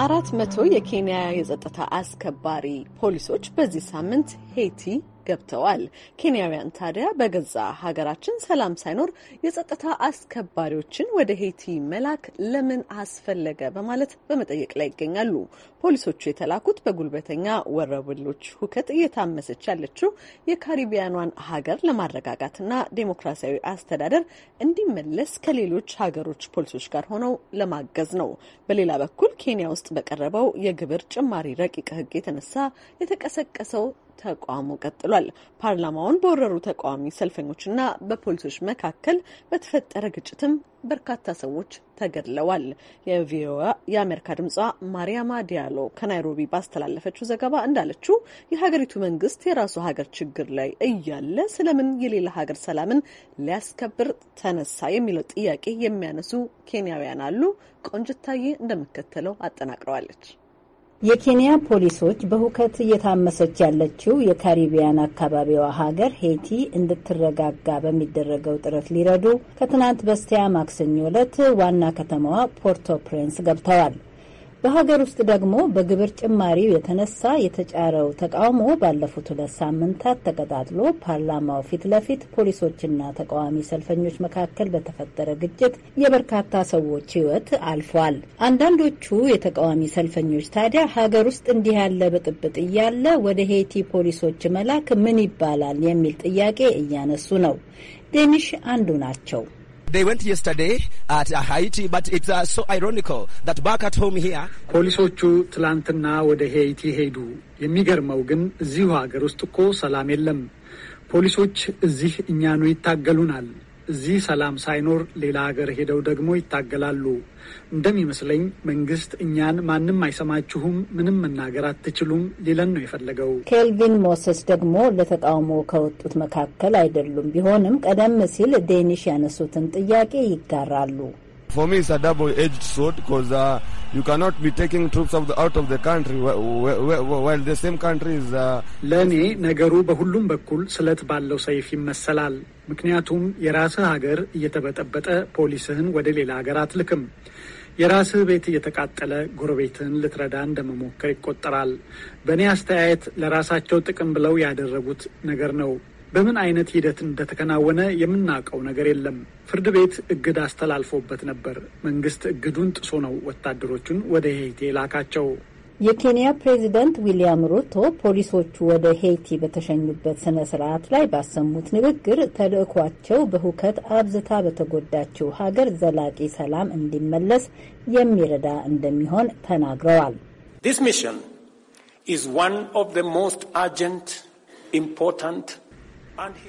አራት መቶ የኬንያ የጸጥታ አስከባሪ ፖሊሶች በዚህ ሳምንት ሄይቲ ገብተዋል። ኬንያውያን ታዲያ በገዛ ሀገራችን ሰላም ሳይኖር የጸጥታ አስከባሪዎችን ወደ ሄቲ መላክ ለምን አስፈለገ በማለት በመጠየቅ ላይ ይገኛሉ። ፖሊሶቹ የተላኩት በጉልበተኛ ወረበሎች ሁከት እየታመሰች ያለችው የካሪቢያኗን ሀገር ለማረጋጋትና ዴሞክራሲያዊ አስተዳደር እንዲመለስ ከሌሎች ሀገሮች ፖሊሶች ጋር ሆነው ለማገዝ ነው። በሌላ በኩል ኬንያ ውስጥ በቀረበው የግብር ጭማሪ ረቂቅ ሕግ የተነሳ የተቀሰቀሰው ተቃውሞ ቀጥሏል። ፓርላማውን በወረሩ ተቃዋሚ ሰልፈኞችና በፖሊሶች መካከል በተፈጠረ ግጭትም በርካታ ሰዎች ተገድለዋል። የቪኦኤ የአሜሪካ ድምጿ ማሪያማ ዲያሎ ከናይሮቢ ባስተላለፈችው ዘገባ እንዳለችው የሀገሪቱ መንግስት የራሱ ሀገር ችግር ላይ እያለ ስለምን የሌላ ሀገር ሰላምን ሊያስከብር ተነሳ የሚለው ጥያቄ የሚያነሱ ኬንያውያን አሉ። ቆንጅታዬ እንደሚከተለው አጠናቅረዋለች። የኬንያ ፖሊሶች በሁከት እየታመሰች ያለችው የካሪቢያን አካባቢዋ ሀገር ሄይቲ እንድትረጋጋ በሚደረገው ጥረት ሊረዱ ከትናንት በስቲያ ማክሰኞ ዕለት ዋና ከተማዋ ፖርቶ ፕሬንስ ገብተዋል። በሀገር ውስጥ ደግሞ በግብር ጭማሪው የተነሳ የተጫረው ተቃውሞ ባለፉት ሁለት ሳምንታት ተቀጣጥሎ ፓርላማው ፊት ለፊት ፖሊሶችና ተቃዋሚ ሰልፈኞች መካከል በተፈጠረ ግጭት የበርካታ ሰዎች ሕይወት አልፏል። አንዳንዶቹ የተቃዋሚ ሰልፈኞች ታዲያ ሀገር ውስጥ እንዲህ ያለ ብጥብጥ እያለ ወደ ሄይቲ ፖሊሶች መላክ ምን ይባላል የሚል ጥያቄ እያነሱ ነው። ዴኒሽ አንዱ ናቸው። ፖሊሶቹ ትላንትና ወደ ሄይቲ ሄዱ። የሚገርመው ግን እዚሁ ሀገር ውስጥ እኮ ሰላም የለም። ፖሊሶች እዚህ እኛኑ ይታገሉናል። እዚህ ሰላም ሳይኖር ሌላ ሀገር ሄደው ደግሞ ይታገላሉ። እንደሚመስለኝ መንግስት እኛን ማንም አይሰማችሁም፣ ምንም መናገር አትችሉም ሊለን ነው የፈለገው። ኬልቪን ሞሰስ ደግሞ ለተቃውሞ ከወጡት መካከል አይደሉም። ቢሆንም ቀደም ሲል ዴኒሽ ያነሱትን ጥያቄ ይጋራሉ። For me, it's a double-edged sword because uh, you cannot be taking troops of the, out of the country while the same country is... Uh, ለእኔ ነገሩ በሁሉም በኩል ስለት ባለው ሰይፍ ይመሰላል። ምክንያቱም የራስህ ሀገር እየተበጠበጠ ፖሊስህን ወደ ሌላ ሀገር አትልክም። የራስህ ቤት እየተቃጠለ ጎረቤትህን ልትረዳ እንደመሞከር ይቆጠራል። በእኔ አስተያየት ለራሳቸው ጥቅም ብለው ያደረጉት ነገር ነው። በምን አይነት ሂደት እንደተከናወነ የምናውቀው ነገር የለም። ፍርድ ቤት እግድ አስተላልፎበት ነበር። መንግስት እግዱን ጥሶ ነው ወታደሮቹን ወደ ሄይቲ ላካቸው። የኬንያ ፕሬዚደንት ዊሊያም ሩቶ ፖሊሶቹ ወደ ሄይቲ በተሸኙበት ስነ ስርዓት ላይ ባሰሙት ንግግር ተልእኳቸው በሁከት አብዝታ በተጎዳችው ሀገር ዘላቂ ሰላም እንዲመለስ የሚረዳ እንደሚሆን ተናግረዋል።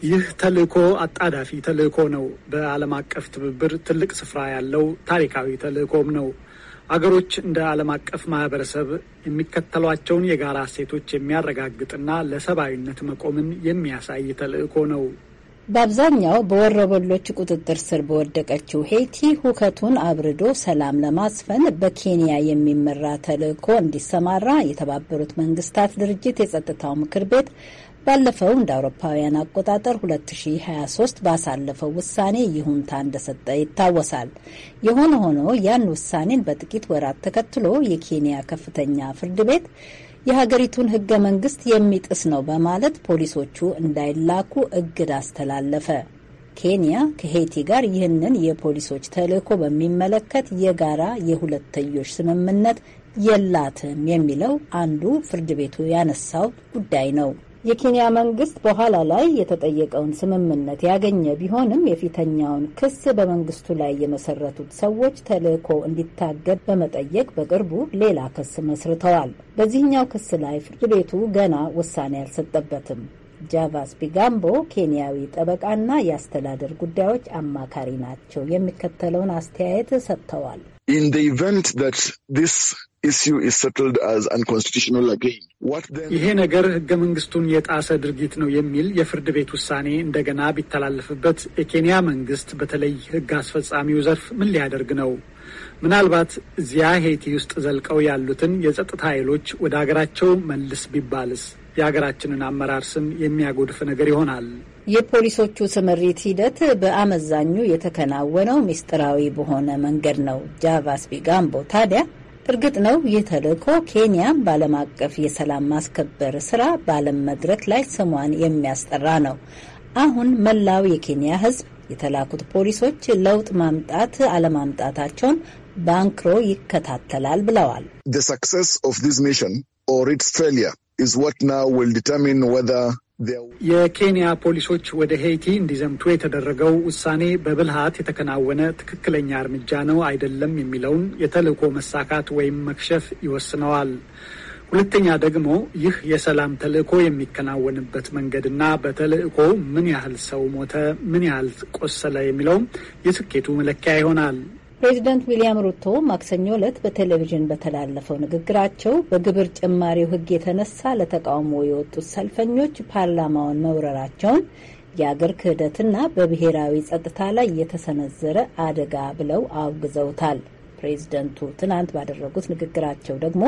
ይህ ተልእኮ አጣዳፊ ተልእኮ ነው። በዓለም አቀፍ ትብብር ትልቅ ስፍራ ያለው ታሪካዊ ተልእኮም ነው። አገሮች እንደ ዓለም አቀፍ ማህበረሰብ የሚከተሏቸውን የጋራ እሴቶች የሚያረጋግጥና ለሰብአዊነት መቆምን የሚያሳይ ተልእኮ ነው። በአብዛኛው በወረበሎች ቁጥጥር ስር በወደቀችው ሄይቲ ሁከቱን አብርዶ ሰላም ለማስፈን በኬንያ የሚመራ ተልዕኮ እንዲሰማራ የተባበሩት መንግስታት ድርጅት የጸጥታው ምክር ቤት ባለፈው እንደ አውሮፓውያን አቆጣጠር 2023 ባሳለፈው ውሳኔ ይሁንታ እንደሰጠ ይታወሳል። የሆነ ሆኖ ያን ውሳኔን በጥቂት ወራት ተከትሎ የኬንያ ከፍተኛ ፍርድ ቤት የሀገሪቱን ህገ መንግስት የሚጥስ ነው በማለት ፖሊሶቹ እንዳይላኩ እግድ አስተላለፈ። ኬንያ ከሄቲ ጋር ይህንን የፖሊሶች ተልዕኮ በሚመለከት የጋራ የሁለትዮሽ ስምምነት የላትም የሚለው አንዱ ፍርድ ቤቱ ያነሳው ጉዳይ ነው። የኬንያ መንግስት በኋላ ላይ የተጠየቀውን ስምምነት ያገኘ ቢሆንም የፊተኛውን ክስ በመንግስቱ ላይ የመሰረቱት ሰዎች ተልእኮ እንዲታገድ በመጠየቅ በቅርቡ ሌላ ክስ መስርተዋል። በዚህኛው ክስ ላይ ፍርድ ቤቱ ገና ውሳኔ አልሰጠበትም። ጃቫስ ቢጋምቦ ኬንያዊ ጠበቃና የአስተዳደር ጉዳዮች አማካሪ ናቸው። የሚከተለውን አስተያየት ሰጥተዋል። In the event that this ይሄ ነገር ህገ መንግስቱን የጣሰ ድርጊት ነው የሚል የፍርድ ቤት ውሳኔ እንደገና ቢተላለፍበት የኬንያ መንግስት በተለይ ህግ አስፈጻሚው ዘርፍ ምን ሊያደርግ ነው? ምናልባት እዚያ ሄይቲ ውስጥ ዘልቀው ያሉትን የጸጥታ ኃይሎች ወደ አገራቸው መልስ ቢባልስ የሀገራችንን አመራር ስም የሚያጎድፍ ነገር ይሆናል። የፖሊሶቹ ስምሪት ሂደት በአመዛኙ የተከናወነው ሚስጥራዊ በሆነ መንገድ ነው። ጃቫስ ቢጋምቦ ታዲያ እርግጥ ነው ይህ ተልእኮ ኬንያም በዓለም አቀፍ የሰላም ማስከበር ስራ በዓለም መድረክ ላይ ስሟን የሚያስጠራ ነው። አሁን መላው የኬንያ ሕዝብ የተላኩት ፖሊሶች ለውጥ ማምጣት አለማምጣታቸውን በአንክሮ ይከታተላል ብለዋል። ሰክሰስ ኦፍ ዚስ ሚሽን ኦር ኢትስ ፌልየር ኢዝ ዋት ናው ዊል ዲተርሚን ወዘር የኬንያ ፖሊሶች ወደ ሄይቲ እንዲዘምቱ የተደረገው ውሳኔ በብልሃት የተከናወነ ትክክለኛ እርምጃ ነው አይደለም የሚለውን የተልዕኮ መሳካት ወይም መክሸፍ ይወስነዋል። ሁለተኛ ደግሞ ይህ የሰላም ተልዕኮ የሚከናወንበት መንገድና በተልእኮ ምን ያህል ሰው ሞተ፣ ምን ያህል ቆሰለ የሚለውም የስኬቱ መለኪያ ይሆናል። ፕሬዚደንት ዊሊያም ሩቶ ማክሰኞ ዕለት በቴሌቪዥን በተላለፈው ንግግራቸው በግብር ጭማሪው ሕግ የተነሳ ለተቃውሞ የወጡት ሰልፈኞች ፓርላማውን መውረራቸውን የአገር ክህደትና በብሔራዊ ጸጥታ ላይ የተሰነዘረ አደጋ ብለው አውግዘውታል። ፕሬዚደንቱ ትናንት ባደረጉት ንግግራቸው ደግሞ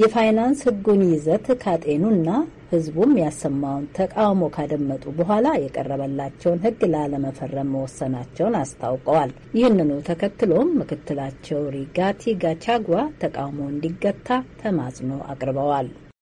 የፋይናንስ ህጉን ይዘት ካጤኑና ህዝቡም ያሰማውን ተቃውሞ ካደመጡ በኋላ የቀረበላቸውን ህግ ላለመፈረም መወሰናቸውን አስታውቀዋል። ይህንኑ ተከትሎም ምክትላቸው ሪጋቲ ጋቻጓ ተቃውሞ እንዲገታ ተማጽኖ አቅርበዋል።